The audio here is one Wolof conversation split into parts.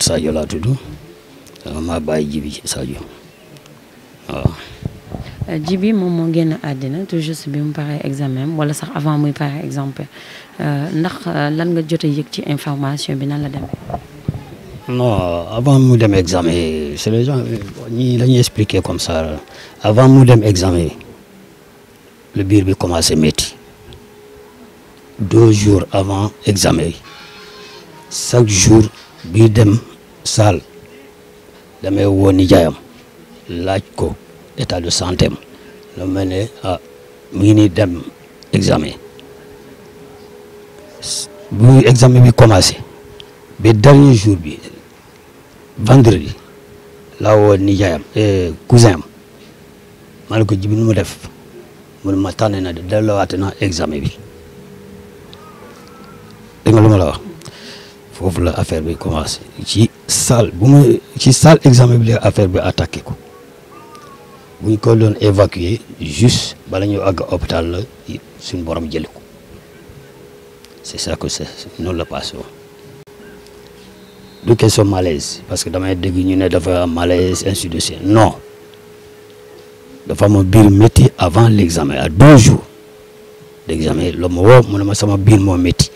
man Sadio laa tudd maa bàyyi Jibi Sadio waaw. Euh, Jibi moom moo génn àddina tout juste bi mu paree examen wala sax avant muy paree exemple euh, ndax euh, lan nga jot a ci information bi nan la demee. non avant mu dem examen c'est les gens ñii dañuy expliquer comme sa avant mu dem examen le biir bi commencé métti deux jours avant examen chaque jour bi dem. Sall damay woo nijaayam laaj ko état de santé am la mel ne ah mu ngi nii dem examen bu examen bi commencé ba dernier jour bi vendredi laa woo nijaayam eh, cousin am ma ne ko jibi nu mu def mu ma tànn na de delluwaate na examen bi dégg nga la foofu la affaire bi commencé ci salle ma ci salle examen bi la affaire bi attaqué ko bu ñu ko doon évacuer juste bala ñu àgg hôpital la suñ borom jëli ko c'est ça que c'est noonu la passé du question malaise parce que damay dégg ñu ne dafa malaise ainsi non dafa ma biir métti avant l'examen à deux jours d'examen la ma woo mu ne sama biir moo métti.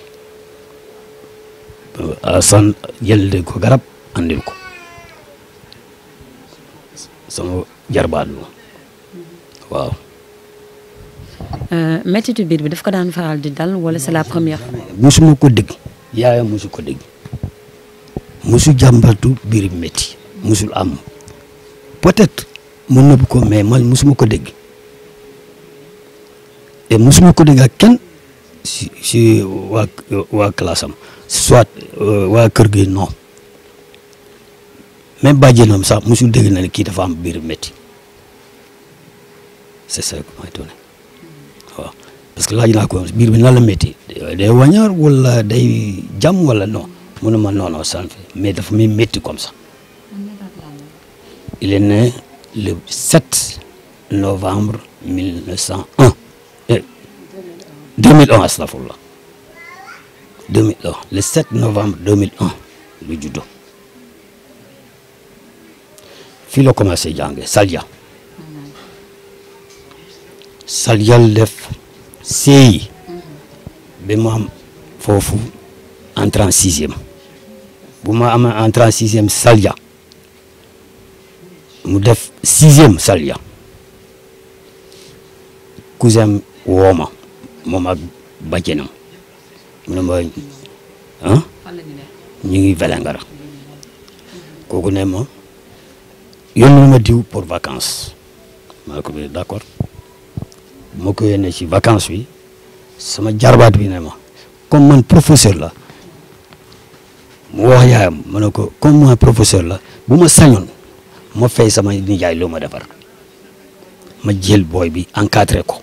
Assane euh, jël ko garab andil ko sama jarbaat bi waaw. Euh, mettitu biir bi daf ko daan faral di dal wala c'est la première fois. musuma ko dégg yaayam musu ko dégg musu jàmbatu biir bi métti musul am peut-être mën na ko mais man musuma ko dégg et musuma ko dégg ak kenn si euh, waa kër gi non. même bàjjenam sax musul dégg na ne kii dafa am biir métti c'est que may parce que laaj naa ko biir bi nan la métti day wañaar wala day jàmm wala mu ne ma non non ça mais dafa muy métti comme ça il est né le 7 novembre eh, le 7 novembre 2001 lu fii la commencé jànge Salya Salya def CI ba mu foofu entré en bu ma amee entré en sixième mu def sixième Salya cousin wooma moom ak bàjjenam mu ne ma ah ñu ngi Vélingara kooku ne yónni ma diw pour vacances ma ne ko d' accord ma ko yónnee ci vacances bi sama jarbaat bi ne ma comme man professeur la mu wax ne ko comme moi la bu ma sañoon ma fay sama nijaay loo ma defar ma jël booy bi encadré ko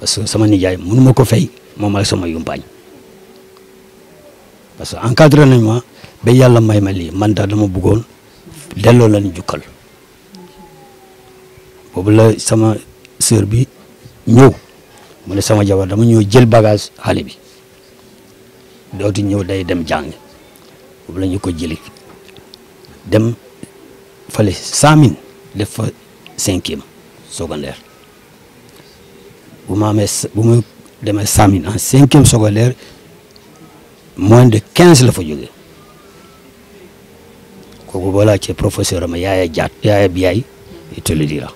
parce que sama nijaay mënu ma ko fay moom ak sama yumpaañ parce que encadré nañ ma ba yàlla may ma lii man daal ma bëggoon delloo lañu jukkal boobu la sama sœur bi ñëw sama jabar dama ñëw jël bagage xale bi dootu ñëw day dem jàngi boobu la ñu ko jëli dem fale cent mille def fa cinquième secondaire bu ma amee bu mu demee cent mille en cinquième secondaire moins de quinze la fa jógee kooku boo laajtee professeur am yaaya jaat yaaya bi yaay te le dira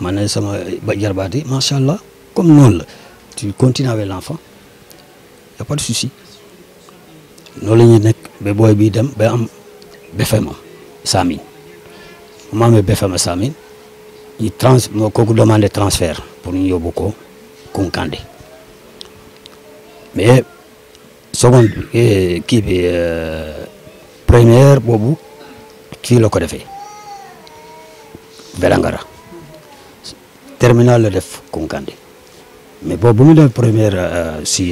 ma sama jarbaat yi macha allah comme noonu la tu continues avec l'enfant y pas de souci noonu la ñuy nekk ba booy bi dem ba am BFEM saamin mu amee BFEM saamin ñu trans moo ñu yóbbu ko Kunkandé mais seconde bi e kii bi e, première boobu kii la ko defee Vélingara terminal la def Koungheul mais boobu bu mu def première e, si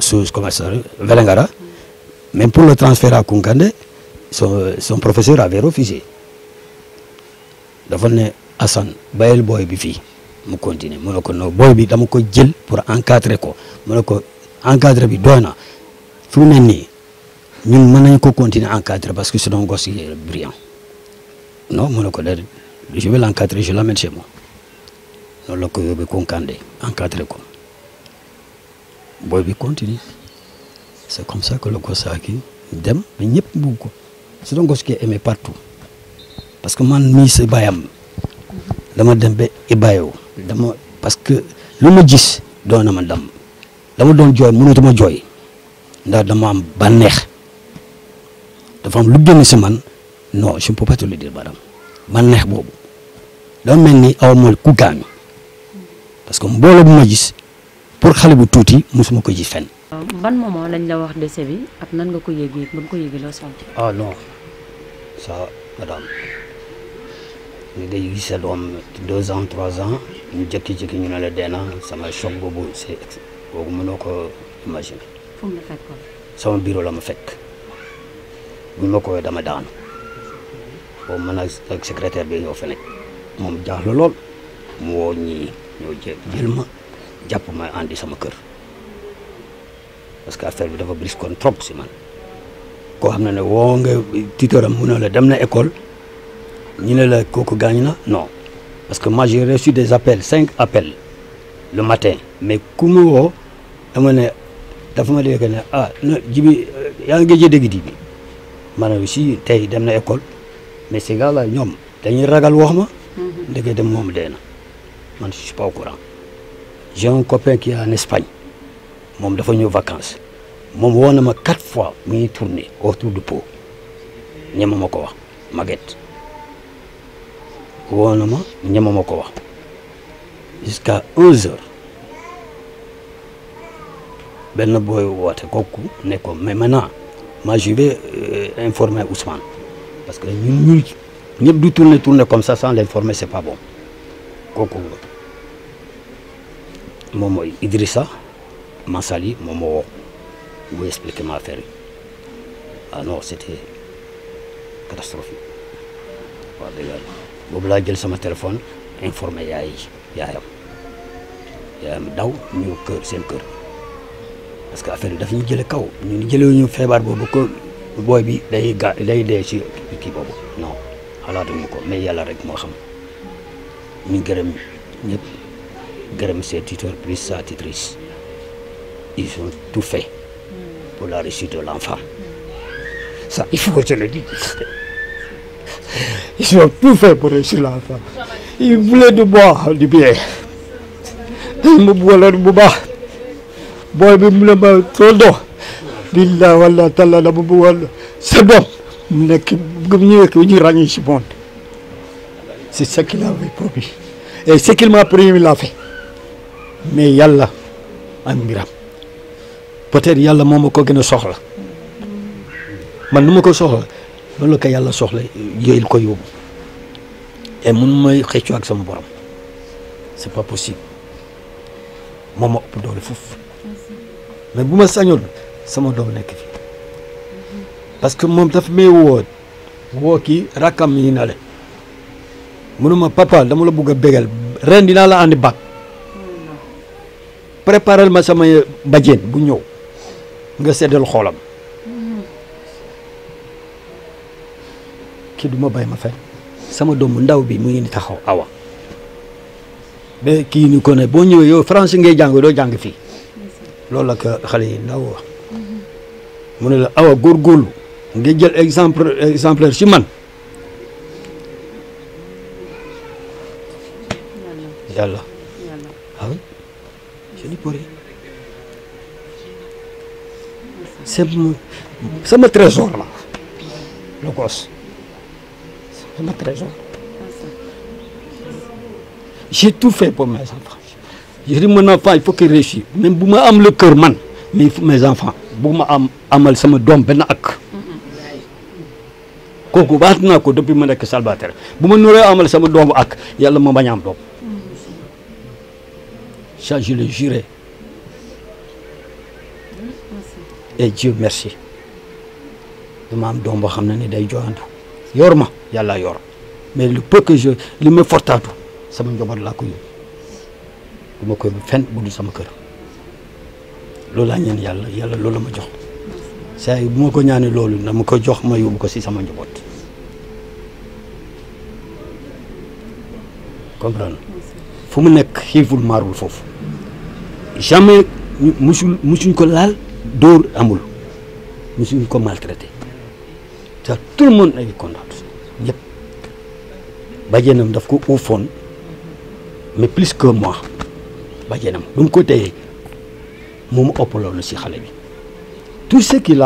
soos commercial Vélingara même pour le transfert à Koungheul son son professeur avait refusé dafa ne Assane bàyyil booy bi fii mu continuer mu ne ko booy bi dama ko jël pour encadrer ko mu ne ko. encadré bi doy na fi mu ne nii ñun mën nañ ko continuer encadrer parce que c'est un gosse brillant non mu ne ko déedéet je vais l'encadrer je l'amène chez moi loolu la ko yóbbee Konkande encadré ko booy bi continue c'est comme ça que le gosse a dem ba ñëpp bugg ko c'est un gosse qui partout parce que man mii sa baayam dama dem ba ibayoo dama parce que lu ma gis doon ma dam dama doon jooy mënatuma jooy ndax dama am bànneex dafa am lu génn si man non je ne peux pas te bànneex boobu dama mel ni aw ma ku gaañu parce que mbooloo bu ma gis pour xale bu tuuti mosuma ko gis fenn. ban moment lañ la wax décès bi ak nan nga ko yëgee ba nga ko yëgee loo sant. ah non ça sa doom deux ans trois ans ñu jékki-jékki ñu ne la dee sama choc boobu c'est kooku mënoo ko imaginer. fu la sama bureau la ma fekk buñ ma koy dama daanu boobu man ak secrétaire bi ñoo fa nekk moom jaaxle lool mu woo ñii ñoo jël jël ma jàpp ma andi sama kër parce que affaire bi dafa bris trop si man koo xam ne ne woo nga titooram mu ne la dem na école ñu ne la kooku gaañ na non parce que moi j'ai reçu des appels cinq appels le matin mais ku woo dama ne dafa ma dégg ne ah jibi yaa ngi gëj a dégg bi maanaam tey dem na école mais ces gars ñoom dañuy ragal wax ma. Mhm. ndeke dem moom dee na man je a pas au courant. j'ai un copain moom dafa ñëw vacances moom woo na ma quatre fois mu ngi tourner autour du pot ñema ma ko wax Maguette woo na ma ñema ma ko wax jusqu'à onze heures. benn booy woote kooku nekkoon mais maintenant ma je vais euh, informer parce que ñun ñuy ñëpp du tourner tourner comme ça sans l'informer c'est pas bon kooku moom mooy Idrissa Mansali moom moo woo bu expliquer ma affaire yi ah non c'était catastrophique waaw laa jël sama téléphone informé yaay yaayam yaayam daw ñu seen kër. parce que affaire bi daf ñu jële kaw ñun jëlee ñu feebar boobu ko booy bi day ga day dee ci kii boobu non xalaatuñu ko mais yàlla rek moo xam ñu gërëm ñëpp gërëm ses tuteurs plus sa tutrice ils ont tout fait pour la réussite de l'enfant ça il faut que je le dise ils ont tout fait pour réussir l'enfant ils voulaient du bois du bien mu boole bu baax booy bi mu ne ma koo dox billaa wala talla la bu wala sa doom mu nekk bu ñëwee ko ñu ràññee si monde c'est ce qu'il avait promis et ce m'a promis l'a fait mais yàlla ak mbiram peut-être yàlla moom ma ko gën a soxla man nu ma ko soxla loolu la ko yàlla soxla yooyu ko yóbbu et mun may xëccoo ak sama borom c'est pas possible moom ma ëpp doole foofu mais bu ma sañul sama doom nekk fi parce que moom daf may woo woo kii rakkam yi na le mënuma papa dama la bugg a bégal ren dinaa la andi bac préparer ma sama bajeen bu ñëw nga seddal xoolam kii du ma bàyyi ma fen sama doomu ndaw bi mu ngi ni taxaw awa ba kii ñu ko ne boo ñëwee yow français ngay jàng doo jàng fii loolu la ko xale yi ndaw wax la ne la góor góorgóorlu nga jël exemple exemplaire si man yàlla ah oui trésor la j'ai tout fait pour mes enfants j'ai dit mon enfant il faut qu'il réussisse même bu ma am le kër man mais il faut mes enfants bu ma am amal sama doom benn ak kooku baat naa ko depuis ma nekk célibataire bu ma noree amal sama doomu ak yàlla moo bañ am doom ça je le jure et Dieu merci dama am doom boo xam ne ni day jooyantu yor ma yàlla yor mais le peu que je li ma fortaatu sama njaboot laa ko yóbbu du koy fenn bu dul sama kër loolu laa ñaan yàlla yàlla loolu la ma jox saa yi bu ma ko ñaanee loolu na ma ko jox ma yóbbu ko si sama njaboot comprendre fu mu nekk xiiful maarul foofu jamais musul musuñ ko laal dóor amul musuñ ko maltraité te tout le monde ay kontaan ñëpp bàjjenam daf ko uufoon mais plus que moi bàjjenam bu mu ko téyee moo mu ëpp loolu si xale bi tout ce qu'il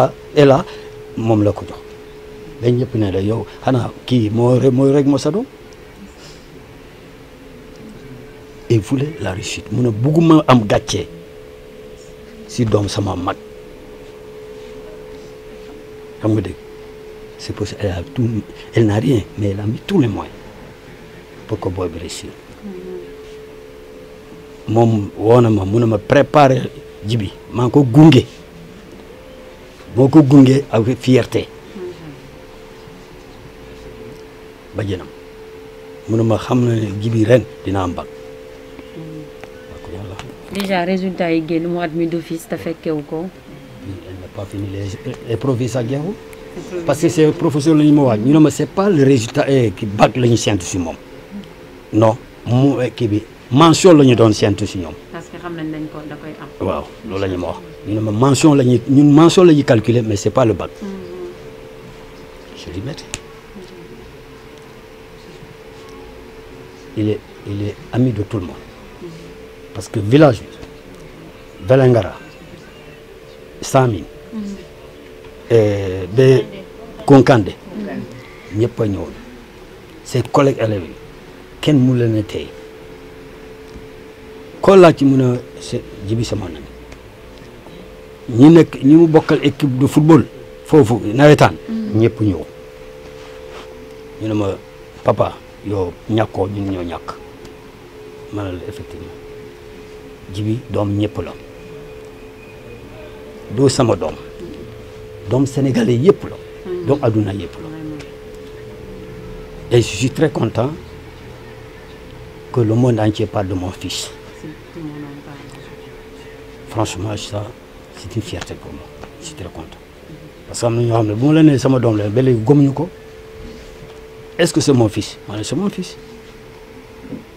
moom la ko jox dañ ñëpp ne la yow xanaa kii moo mooy rek ma sa doom il voulait la réussite mu ne bugguma am gàccee si doom sama mag xam nga dégg c'est parce a tout elle n'a rien mais elle a mis tous les moyens pour que booy bi réussir moom woo na ma mu ne ma préparer ji maa ngi ko gunge moo ko gunge ak fierté ba jënam mu ne ma xam na ne ji ren dina am bag déjà résultat yi génn mu admis d'office te fekkewu ko elle n'a les épreuves yi sax jeexul parce que c'est professeur la ñu ma ñu ma c'est pas le résultat eh, bac la ñu séntu si moom non mu eh, kii bi mention la ñu doon séntu si ñoom. parce que xam nañ dañ waaw loolu la ñu ma wax la ñuy ñun mention la ñuy calculer mais c'est pas le bac. Mm-hmm. il est il est ami de tout mm-hmm. parce que village bi Vélingara Samin mm-hmm. ba Konkande ñëpp a ñëwoon ses collègues élèves yi kenn mu leen a tey ko laa ci mën a jibi sama na ñi nekk ñi mu bokkal équipe de football foofu nawetaan mm. ñëpp ñëw ñu ne ma papa yow ñàkkoo ñun ñoo ñàkk ma ne la effectivement jibi doom ñëpp la doo sama doom doom sénégalais yëpp la mm. doom adduna yëpp la et je suis très content que le monde entier parle de mon franchement ça c'est une fierté pour moi je suis très parce que am na ñoo xam ne bu ma la nee sama doom la ba léegi gëmuñu ko est-ce que c'est mon fils ma ne c'est fils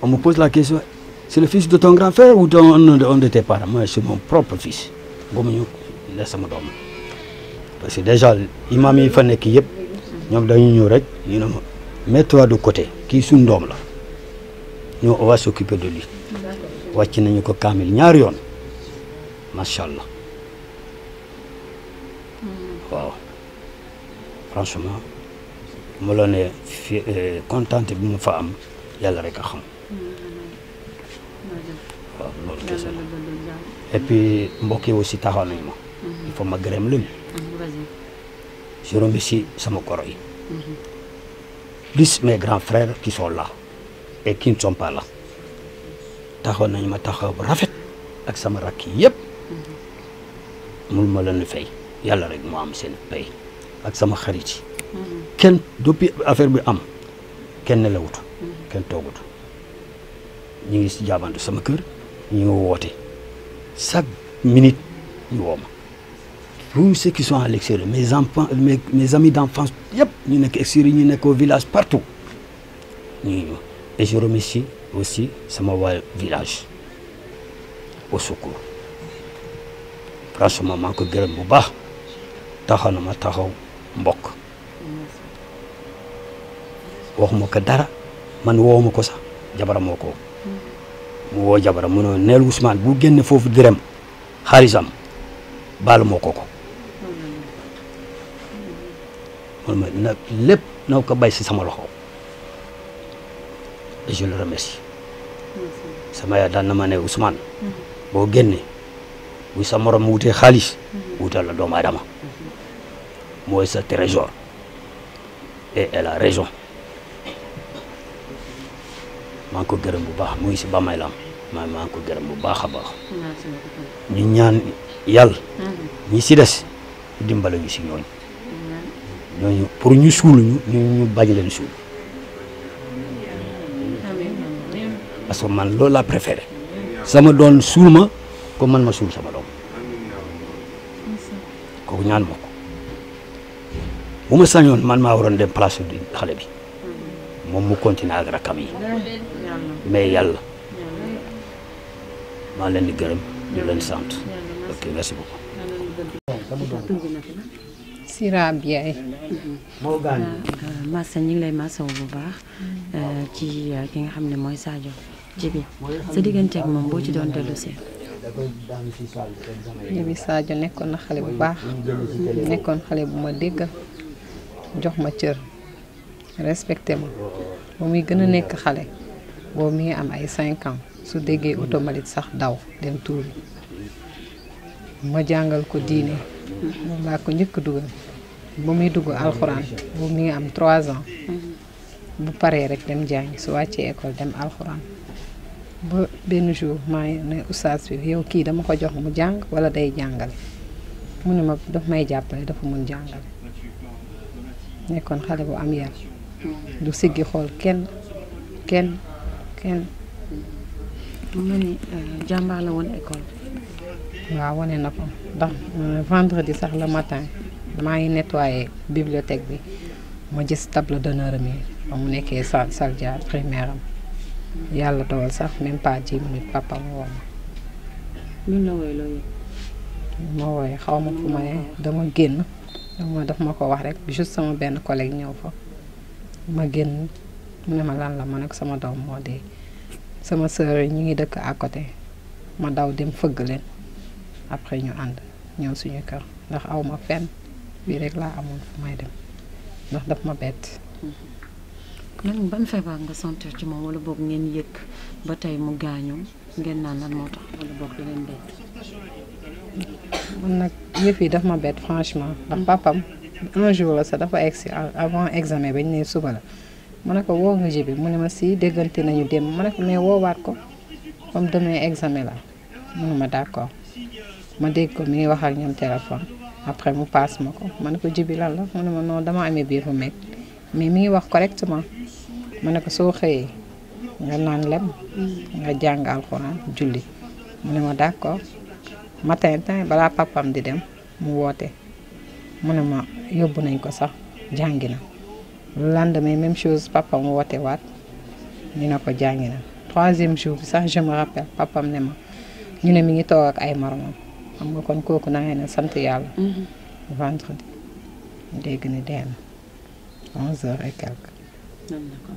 on pose la question c'est le fils de ton grand frère ou de un de tes parents moi c'est mon propre fils gëmuñu la sama doom parce que déjà imam yi fa nekk yëpp ñoom dañu ñëw rek ñu ne ma de côté kii suñu doom la ñu on va de lui wàcc nañu ko kaamil ñaari yoon macha allah waaw franchement mu la fi eh, contente bi mu fa am yàlla rek a xam waaw loolu kese la mbokk aussi taxaw nañu ma il ma gërëm leen je remercie sama koro yi plus mes grands frères qui sont là et qui ne sont taxaw nañu ma taxaw bu rafet ak sama rakk yi yëpp mun mhm. ma leen fay yàlla rek mu am seen pay ak sama xarit yi. Mhm. kenn depuis affaire bi am kenn nelawut mhm. kenn toogut ñu ngi si jaabantu sama kër ñu ngi woote chaque minute ñu woo ma tous ceux qui sont à l'extérieur mes enfants mes mes yëpp ñu nekk extérieur ñu nekkoo village partout ñu ngi aussi sama waa village au secours. Gassama ma ko gërëm bu baax taxaw na ma taxaw mbokk ma ko dara man woowuma ko sax jabara moo ko mu woo jabara mu ne neel Ousmane bu génne foofu dërëm xaalisam baalu moo ko ko man ma na lépp na ko bay si sama loxo et je le sama yaay daan na ma ne Ousmane boo génne bu sa morom wutee xaalis wutal la doomu adama mooy sa trésor et elle la raison maa ko gërëm bu baax muy si bàmmeelam maa maa ngi ko gërëm bu baax a baax ñu ñaan yàlla ñi si des dimbale ñu si ñooñu ñooñu pour ñu suul ñu ñu bañ leen suul parce que man loolu laa préféré sama doon suul ma comme man ma suul sama doom kooku ñaan ma ko bu ma sañoon man ma waroon dem place bi xale bi moom mu continuer ak rakam yi mais yàlla maa leen di gërëm di leen sant ok merci beaucoup. Sira Biaye. Eh. moo gaañ. Ah, Massa ñu ngi lay massawu bu baax ci eh, eh, ki nga xam ne mooy Sadio ci bi sa digganteeg moom boo ci doon dellu si. Naby Sadio nekkoon na xale bu baax nekkoon xale bu ma déggal jox ma cër respecté ma ba muy gën a nekk xale boobu mi ngi am ay cinq ans su déggee automatique sax daw dem tuuri ma jàngal ko diine moom laa ko njëkk dugal ba muy dugg alxuraan boobu mi ngi am trois ans mm-hmm. bu paree rek dem jàngi su wàccee ecole dem alxuraan ba benn jour maa ngi ne oustaz bi yow kii dama ko jox mu jàng wala day jàngale mu ne ma daf may jàppale dafa mun jàngale nekkoon xale bu am yar lu siggi xool kenn kenn kenn mu mel ni euh, jàmbaar la woon école waaw wane na ko ndax euh, vendredi sax le matin maa ngi nettoyé bibliothèque bi ma gis table d'honneur mi ba mu nekkee sal salle primaire am yàlla dogal sax même pas dix minutes papa woo ma. ma wooyee xaw ma fu ma ne dama génn dama daf ma ko wax rek juste sama benn collègue ñëw fa ma génn mu ne ma lan la ma nekk sama doom moo dee sama sœur ñu ngi dëkk à côté ma daw dem fëgg leen après ñu ànd ñëw suñu kër ndax awma ma fenn bii rek laa amoon fu may dem ndax daf ma bett. Mm-hmm. lan ban feebar nga ci moom wala boog ngeen yëg ba tey mu gaañu ngeen naan lan moo tax wala man nag yëf yi daf ma bett franchement. ndax papam un jour la sax dafa egg si avant examen ba ne suba la ma ne ko woo nga jibi mu ne ma si déggante nañu dem ma ne ko mais woowaat ko comme demain examen la mu ne ma d'accord ma dégg ko mi ngi wax ak ñoom téléphone après mu paas ma ko ma ne ko jibi lan la mu ne ma non dama amee biir bu métti mais mi ngi wax correctement ma ne ko soo xëyee nga naan lem nga jàng alxuraan julli mu ne ma d'accord matin temps balaa papam di dem mu woote mu ne ma yóbbu nañ ko sax jàngi na lendemain même chose papam woote waat ñu ne ko jàngi na troisième jour sax je me papam ne ma ñu ne mi ngi toog ak ay moromam xam nga kon kooku na ngay ne sant mm-hmm. vendredi dégg ne dee na onze heures e quelque. nan la ko.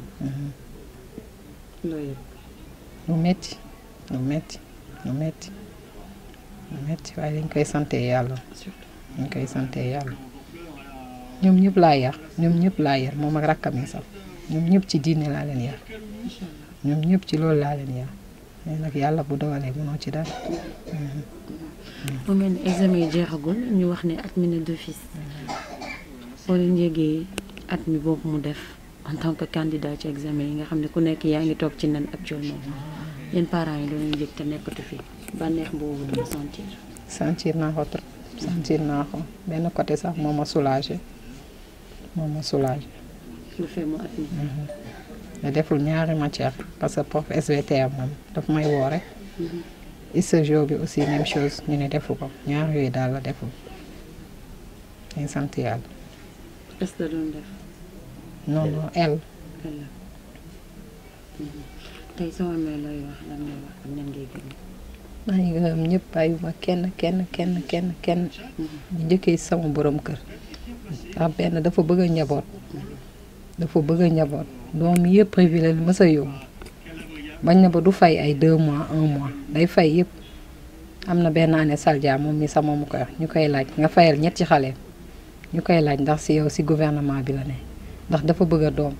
loolu lu metti lu métti waaye dañ koy sante yàlla. dañ koy sante yàlla. ñoom ñëpp laa yar ñoom ñëpp laa yar moom ak rakkam yi sax ñoom ñëpp ci diine laa leen yar. ñoom ñëpp ci loolu laa leen yar mais nag yàlla bu dogalee mënoo ci dara. Mm-hmm. mu mel examen yi jeexagul ñu wax ni admis na d'office. Mm-hmm. at mi boobu mu def en tant que candidat ci examen yi nga xam ne ku nekk yaa ngi toog ci nen actuellement yéen parents yi loolu ñu yëg te nekkatu fi bànneex boobu dama sentir. sentir naa ko trop sentir naa ko benn côté sax moom ma soulagé moo ma soulagé. lu fee mu at mhm. deful ñaari matière parce que prof SVT moom daf may woo rek. Mhm. ISEGO bi aussi même chose ñu ne defu ko ñaar yooyu daal la deful. ñu sant yàlla. est-ce doon def. non non elle. tey sama ngay wax ak ñan ngay kenn kenn kenn kenn kenn ñu mhm. njëkkee sama boroom kër ndax benn dafa bëgg a njaboot dafa bëgg a njaboot doom yëpp privilège mës yóbbu bañ na ba du fay ay deux mois un mois day fay yëpp am na benn année Saldia moom mi sama mu koy ñu koy laaj nga fayal ñetti xale ñu koy laaj ndax si yow si gouvernement bi la ne. ndax dafa bëgg a doom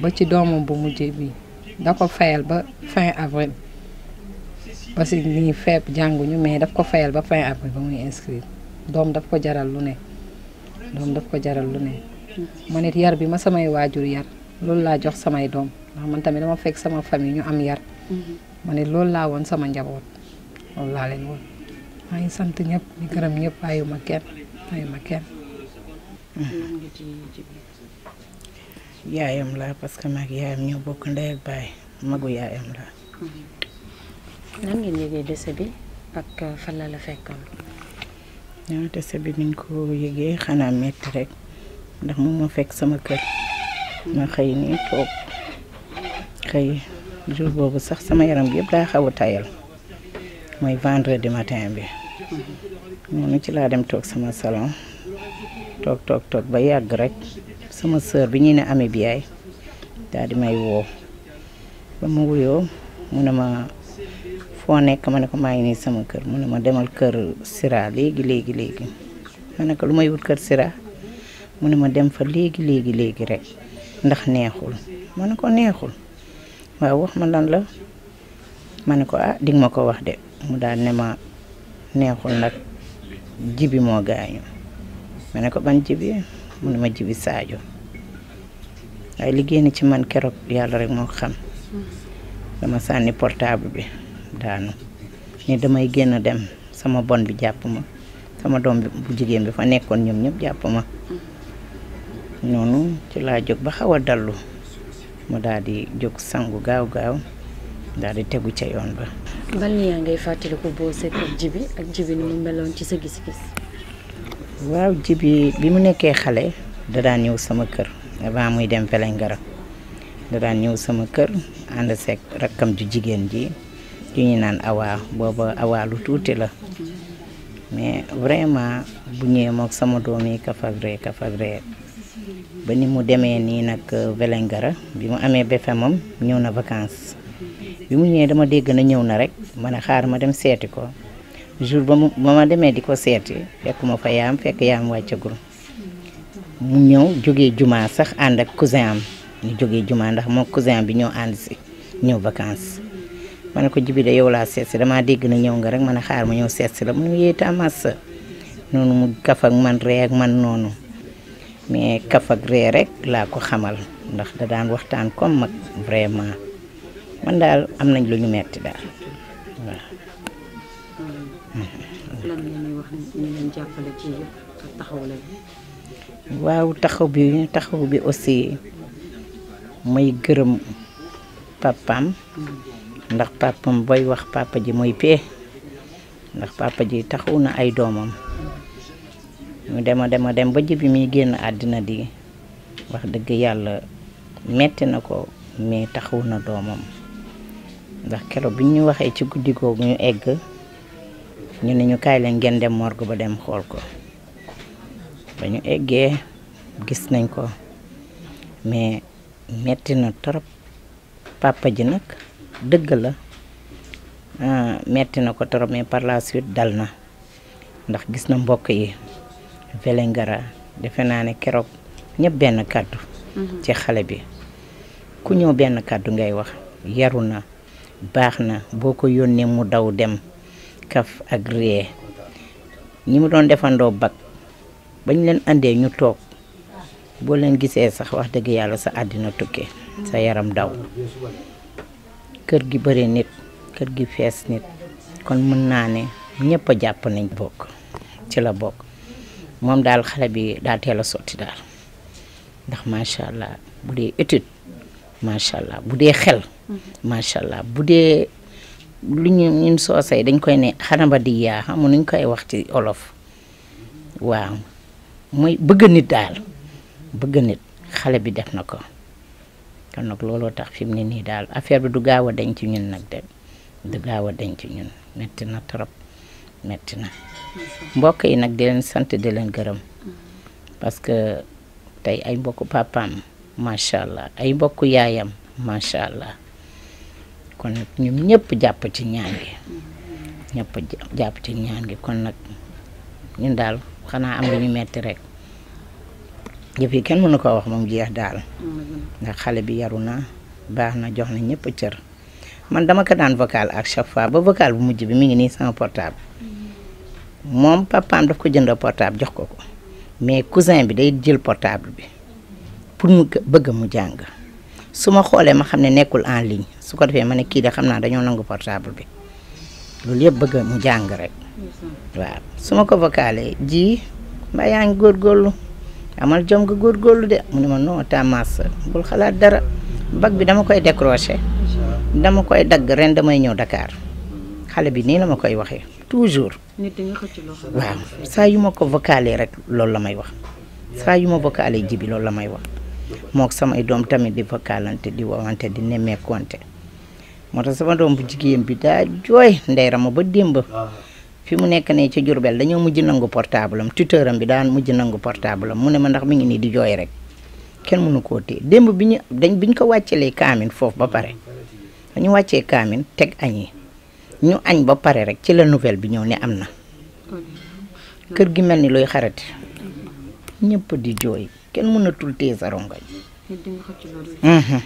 ba ci doomam bu mujjee bii da ko fayal ba fin avril parce que ñi feeb jànguñu mais daf ko fayal ba fin avril ba muy inscrire doom daf ko jaral lu ne doom daf ko jaral lu ne man it yar bi ma samay waajur yar loolu laa jox samay doom ndax man tamit dama fekk sama famille ñu am yar ma ne loolu laa woon sama njaboot loolu laa leen woon maa ngi sant ñëpp di gërëm ñëpp bàyyiwuma kenn bàyyiwuma kenn yaayam laa parce que maag yaayam ñoo bokk ndey ak baay magu yaayam laa. Mm-hmm. nan ngeen yëgee décès bi ak euh, fan la la fekkoon. waaw décès bi niñ ko yëgee xanaa metti rek ndax moom ma fekk sama kër ma xëy nii toog xëy jour boobu sax sama yaram bi yëpp daa xaw a tayal mooy vendredi matin bi. Mm-hmm. noonu ci laa dem toog sama salon toog toog toog ba yàgg rek. sama sœur bi ñuy ne amee bi yaay daal may woo ba ma wuyoo mu ne ma foo nekk ma ne ko maa ngi nii sama kër mu ma demal kër Sira léegi léegi léegi lu may wut kër Sira mu ne ma dem fa léegi léegi léegi rek ndax neexul ma ne ko neexul waaw wax ma lan la ma ne ko ah di ma ko wax de mu daal ne ma neexul nag jibi moo gaañu ma ne ko ban jibi mu ne ma Djiby Sadio waaye liggéey na ci man keroog yàlla rek moo xam dama sànni portaable bi daanu ni damay génn dem sama bon bi jàpp ma sama doom bu jigéen bi fa nekkoon ñoom ñëpp jàpp ma noonu ci laa jóg ba xaw a dallu mu daal di jóg sangu gaaw gaaw daal di tegu ca yoon ba. ban yaa ngay fàttaliku boo seet ak Djiby ak Djiby ni mu meloon ci sa gis-gis. waaw ji bi bi mu nekkee xale da daan ñëw sama kër avant muy dem Vélingara da daan ñëw sama kër ànd seeg rakkam ju jigéen ji ju ñu naan awaa booba awaa tuuti la mais vraiment bu ñëwee mook sama doom yi kafagre kafagre ba ni mu demee nii nag euh, Vélingara bi mu amee befe moom ñëw na vacances bi mu ñëwee dama dégg na ñëw na rek ma ne xaar ma dem seeti ko jour ba mu ba ma demee di ko seeti fekk ma fa yaam fekk yaam wàccagul mu ñëw jóge jumaa sax ànd ak cousin am ñu jóge jumaa ndax moo cousin bi ñëw ànd si ñëw vacances ma ne ko jibi de yow laa seet si damaa dégg na ñëw nga rek man a xaar ma ñëw seet si la mu yéete amas noonu mu kaf ak man ree ak man noonu mais kaf ak ree rek laa ko xamal ndax daan waxtaan comme mag vraiment man daal am nañ lu ñu metti daal waaw lan taxaw waaw taxaw bi taxaw bi aussi may gërëm papaam hmm. ndax pàppam booy wax pàppa ji mooy pee ndax pàppa ji taxaw na ay doomam ñu dema dema dem ba jibi muy génn àddina di wax dëgg yàlla metti na ko mais taxaw na doomam ndax keroog bi ñu waxee ci guddi googu ñu egg ñu ne ñu kaay leen ngeen dem morgue ba dem xool ko ba ñu eggee gis nañ ko mais metti na torop papa ji nag dëgg la ah, metti na ko trop mais par la suite dal na ndax gis na mbokk yi Vélingara defe naa ne keroog ñëpp benn kàddu mhm. ci xale bi ku ñëw benn kàddu ngay wax yaru na baax na boo ko yónnee mu daw dem kaf ak ree ñi mu doon defandoo bag bañ leen indee ñu toog boo leen gisee sax wax dëgg yàlla sa àddina tukkee sa yaram daw kër gi bëri nit kër gi fees nit kon mun naa ne ñëpp jàpp nañ bokk ci la bokk moom daal xale bi daa teel sotti daal ndax macha allah bu dee étude macha allah bu dee xel mhm. macha allah bu dee lu ñu ñun soosey dañ koy ne xanaba di yaa xamu nuñ koy wax ci olof waaw mooy bëgg nit daal bëgg nit xale bi def na ko kon nag looloo tax fi mu ne nii daal affaire bi du gaaw a dañ ñun nag de du gaaw a dañ ñun metti na trop metti na mbokk yi nag di leen sant di leen gërëm parce que tey ay mbokku papaam macha allah ay mbokku yaayam macha allah. kon nag ñoom ñëpp jàpp ci ñaan ñëpp jàpp ci ñaan gi kon nag ñun daal xanaa am lu ñu metti rek yëf yi kenn mënu ko wax moom jeex daal ndax xale bi yaru na baax na jox na ñëpp cër man dama ko daan vocal ak chaque fois ba vocal bu mujj bi mi ngi nii sama portable moom papaam daf ko jënd portable jox ko ko mais cousin bi day jël portable bi pour mu bëgg mu jàng su ma xoolee ma xam ne nekkul en ligne su ko defee ma ne kii de xam naa dañoo nangu portable bi loolu yëpp bëgg mu jàng rek waaw su ma ko vocalé ji mbaa yaa ngi góorgóorlu amal jom nga góorgóorlu de mu ne ma non tamas bul xalaat dara bag bi dama koy décroché dama koy dagg ren damay ñëw dakaar xale bi nii la ma koy waxee toujours waaw saa yu ma ko vocalé rek loolu la may wax saa yu ma vocalé ji bi loolu la may wax mook samay doom tamit di vocalante di wowante di nemmeekonte moo tax sama doom bu jigéen bi daa jooy ndey ma ba démb ah. fi mu nekk ne ci Jurbel dañoo mujj nangu portable am am bi daan mujj nangu portable mu ne ma ndax mi ngi nii di jooy rek kenn mënu koo téye démb bi ñu dañ bi ko wàccelee kaamin foofu ba pare dañu wàccee kaamin teg añ ñu añ ba pare rek ci la nouvelle bi ñëw ni am na kër gi mel ni luy xarati ñëpp di jooy kenn mënatul téye sa rongañ mhm.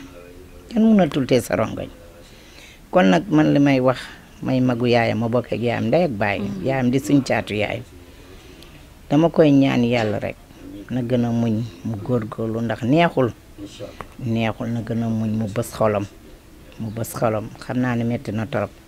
kenn mënatul téye sa rongañ kon nag man li may wax may magu yaayam ma bokk ak yaayam ndey ak baay mm-hmm. yaayam di suñ caatu yaay dama koy ñaan yàlla rek na gën a muñ mu góorgóorlu ndax neexul neexul na gën a muñ mu bës xolam mu bës xolam xam naa ne metti na torop